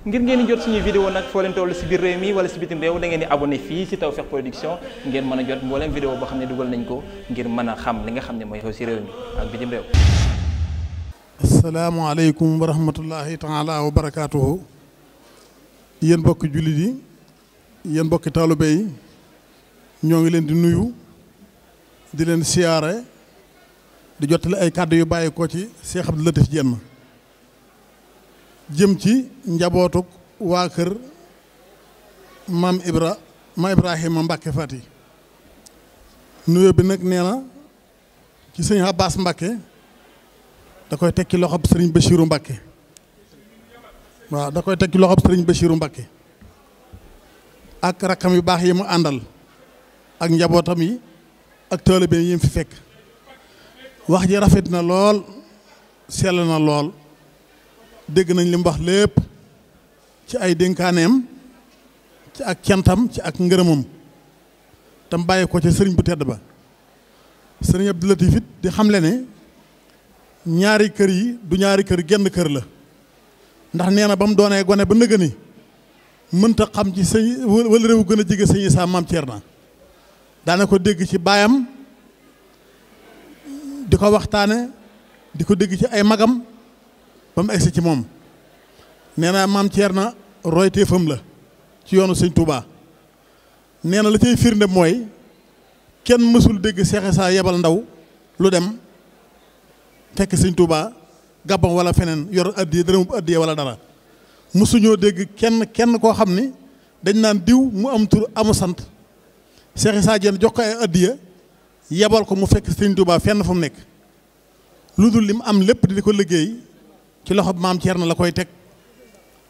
ngir ngeen di jot suñuy vidéo nag foo leen toll si biir réew mi wala si bitim réew da ngeen di abonné fii si Tawfekh Production ngeen mën a jot mbooleem vidéo boo xam ne dugal nañ ko ngir mën a xam li nga xam ne mooy xew si réew mi ak bitim réew asalaamaaleykum wa rahmatullahi taala wa barakaatuhu yéen bokki jullit ñoo ngi leen di nuyu di leen siyaare di la ay kàddu yu bàyyi ko ci Cheikh la Latif Diène jëm ci njabootuk waa kër maam Ibra ma Ibrahima Mbacke Fati nuyoo bi nag nee na ci sëñ Abbas Mbacke da koy tekki loxob sëriñ Bachirou Mbacke waaw da koy tekki loxob sëriñ Bachirou Mbacke ak rakkam yu baax yi mu àndal ak njabootam yi ak taalibe yi mu fi fekk wax ji rafet na lool sell na lool. dégg nañ li wax lépp ci ay dénkaaneem ci ak cantam ci ak ngërëmam tam bàyyi ko ci sëriñ bu tedd ba sëriñ Abdou Latif it di xamle ne ñaari kër yi du ñaari kër genn kër la ndax nee na ba mu doonee gone ba nëgë ni mënta xam ci sëñ wala réew gën a jege sëñ Issa maam Thierno daana ko dégg ci baayam di ko waxtaane di ko dégg ci ay magam ba mu egsi ci moom nee naa maam Thierno royteefam la ci yoonu sëñ Touba nee na la cay firnde mooy kenn mësul dégg Cheikh saa yebal ndaw lu dem fekk sëñ Touba gàbbam wala feneen yor addiye dërëmu addiye wala dara mësuñoo dégg kenn kenn koo xam ni dañ naan diw mu am tur amu sant Cheikh Issa Diène jox ko ay addiya yebal ko mu fekk sëñ Touba fenn fu mu nekk lu dul lim am lépp di ko liggéey. ci loxob maam na la koy teg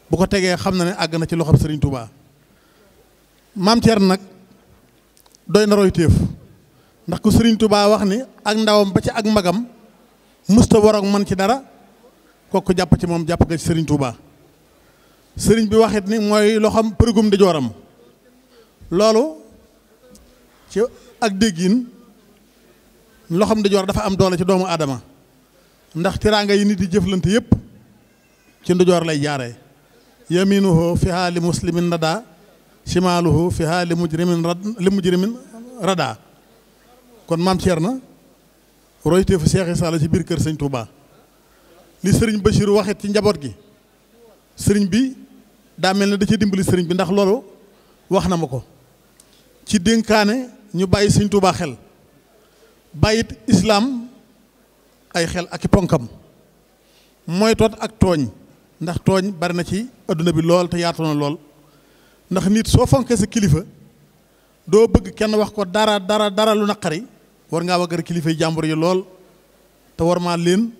bu ko tegee xam na ne àgg na ci loxob Serigne Touba maam Thierno nag doy na roy téef ndax ku Serigne Touba wax ni ak ndawam ba ci ak mbagam musta waroog man ci dara kooku jàpp ci moom jàpp nga ci Serigne Touba Serigne bi waxit ni mooy loxam përgum di jooram loolu ci ak déggin loxam di joor dafa am doole ci doomu aadama ndax teraanga yi nit di jëflante yépp ci ndojoor lay jaaree yaminuhu fiha muslimin rada shimaaluhu fiha li mujrimin li mujrimin rada kon maam na roytee fu Cheikh ci biir kër sëñ Touba li sëriñ Bachir waxit ci njaboot gi sëriñ bi daa mel ne da ci dimbali sëriñ bi ndax loolu wax na ma ko ci dénkaane ñu bàyyi sëñ Touba xel bàyyit islaam ay xel ak i ponkam mooy toot ak tooñ ndax tooñ bari na ci adduna bi lool te yaatu na lool ndax nit soo fonkee sa kilifa doo bëgg kenn wax ko dara dara dara lu naqari war ngaa waggar kilifay yi jàmbur yi lool te war maa leen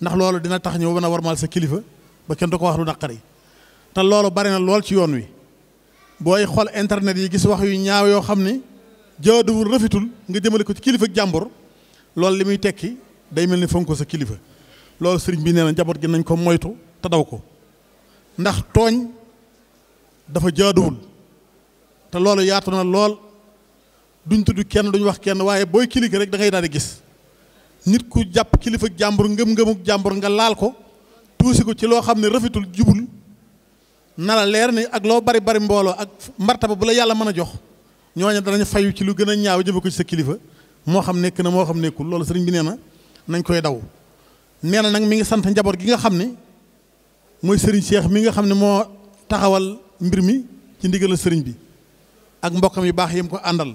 ndax loolu dina tax ñëw mën na warmaal sa kilifa ba kenn du ko wax lu naqari te loolu bari na lool ci yoon wi booy xool internet yi gis wax yu ñaaw yoo xam ne jaaduwul rafetul nga jëmale ko ci kilifa ak jàmbur loolu li muy tekki day mel ni fonko sa kilifa loolu sëriñ bi nee njaboot gi nañ ko moytu. te daw ko ndax tooñ dafa jaaduwul te loolu yaatu na lool duñ tudd kenn duñ wax kenn waaye booy kilifa rek da ngay daal di gis nit ku jàpp kilifa jàmbur ngëm-ngëmuk jàmbur nga laal ko tuusi ko ci loo xam ne rafetul jubul na leer ni ak loo bari bari mbooloo ak martaba bu la yàlla mën a jox ñooñu danañ fayu ci lu gën a ñaaw jëme ko ci sa kilifa moo xam nekk na moo xam nekkul loolu sëriñ bi nee na nañ koy daw nee na nag mi ngi sant njaboot gi nga xam ne mooy sëriñ Cheikh mi nga xam ne moo taxawal mbir mi ci ndigal sëriñ bi ak mbokkam yu baax yi ko àndal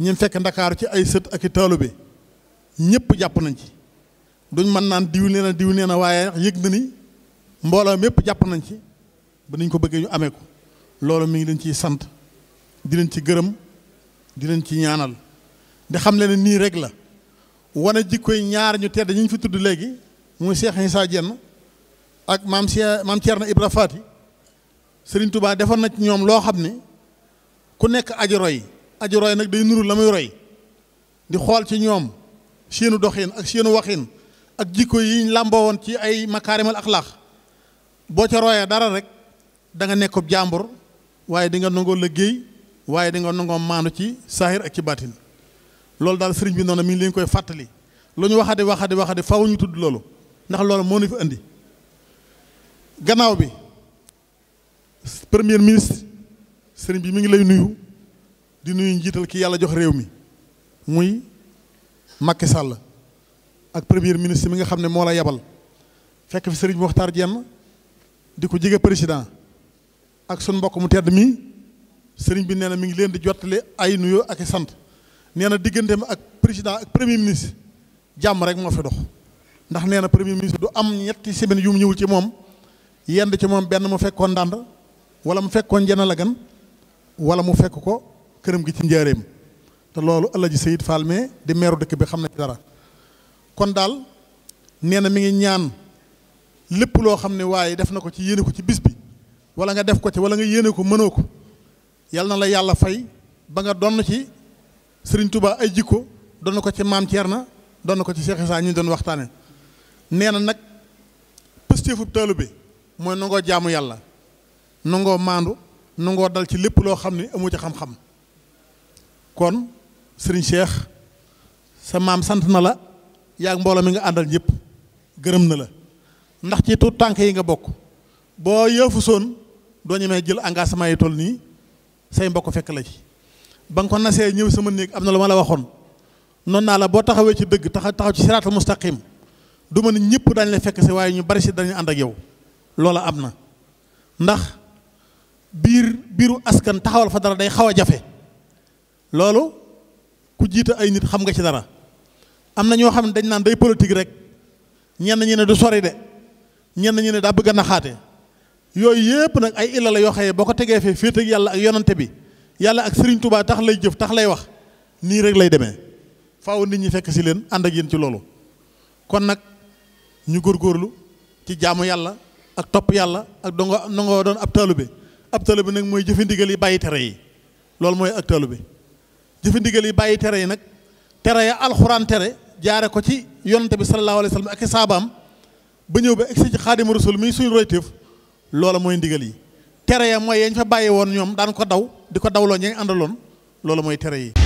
ñun fekk ndakaaru ci ay sët ak i taalibe ñëpp jàpp nañ ci duñ mën naan diw nee na diw na waaye yëg na ni mbooloo mépp jàpp nañ ci ba niñ ko bëggee ñu amee ko loolu mi ngi leen ciy sant di leen ci gërëm di leen ci ñaanal di xam leen ne nii rek la wane jikkoy ñaar ñu tedd ñu fi tudd léegi muy Cheikh saa Diène ak maam Cheikh na Thierno Ibra Fati sëriñ tubaa defoon na ñoom loo xam ni ku nekk aji roy aji roy nag day nuru la muy roy di xool ci ñoom seenu doxin ak seenu waxin ak jikko yi làmboo woon ci ay makaarimal axlaax boo ca royee dara rek danga nga nekkub waaye di nga nangoo liggéey waaye di nga nangoo maandu ci saahir ak ci baatin loolu daal sëriñ bi noonu mi ngi leen koy fàttali lu ñu waxati waxati waxati faw ñu tudd loolu ndax loolu moo ñu fi indi gannaaw bi premier ministre sëriñ bi mi ngi lay nuyu di nuyu njiital ki yàlla jox réew mi muy Macky Sall ak premier ministre mi nga xam ne moo la yabal fekk fi sëriñ waxtaar Diène di ko jege président ak sun mbokk mu tedd mi sëriñ bi nee na mi ngi leen di jottali ay nuyoo ak sant nee na digganteem ak président ak premier ministre jàmm rek moo fi dox ndax nee na premier ministre du am ñetti semaine yu mu ñëwul ci moom. yend ci moom benn mu fekkoon ndànd wala mu fekkoon njëna la gan wala mu fekk ko këram gi ci njaareem te loolu El Hadj Seyid Fall mais di meeru dëkk bi xam na ci dara kon daal nee na mi ngi ñaan lépp loo xam ne waaye def na ko ci yéene ko ci bis bi wala nga def ko ci wala nga yéene ko mënoo ko yal na la yàlla fay ba nga donn ci sëriñ Touba ay jikko donn ko ci maam Thierno donn ko ci Cheikh Issa ñu doon waxtaane nee na nag pëstéefub taalu bi mooy nangoo jaamu yàlla nangoo maandu nangoo dal ci lépp loo xam ne amu ci xam-xam kon sëriñ Cheikh sa maam sant na la yaag mbooloo mi nga àndal ñëpp gërëm na la ndax ci tuut tànk yi nga bokk boo yëfu soon doo ñemee jël engagement yi toll nii say mbokk fekk la ci ba nga ko nasee ñëw sama néeg am na lu ma la waxoon noon naa la boo taxawee ci dëgg taxaw taxaw ci siraatal mustaqim du ma ne ñëpp dañ la fekk si waaye ñu bari si dañu ànd ak yow loola am na ndax biir biiru askan taxawal fa dara day xaw a jafe loolu ku jiita ay nit xam nga ci dara am na ñoo xam ne dañ naan day politique rek ñenn ñi ne du sori de ñenn ñi ne daa bëgg a naxaate yooyu yëpp nag ay illa la yoo xëyee boo ko tegee fee féete ak yàlla ak yonante bi yàlla ak sëriñ Touba tax lay jëf tax lay wax nii rek lay demee faaw nit ñi fekk si leen ànd ak yéen ci loolu kon nag ñu góorgóorlu ci jaamu yàlla. ak topp yàlla ak dongo nangoo doon ab taalibe ab taalibe nag mooy jëfe ndigal yi bàyyi tere yi loolu mooy ak taalibe jëfe ndigal yi bàyyi tere yi nag tere ya alxuraan tere jaare ko ci yonante bi sallallahu alayhi wa sallam ak i saabaam ba ñëw ba egsi ci xaadimu rasul mi suñu royteef loola mooy ndigal yi tere ya mooy yañ fa bàyyi woon ñoom daan ko daw di ko dawloo ña àndaloon loolu mooy tere yi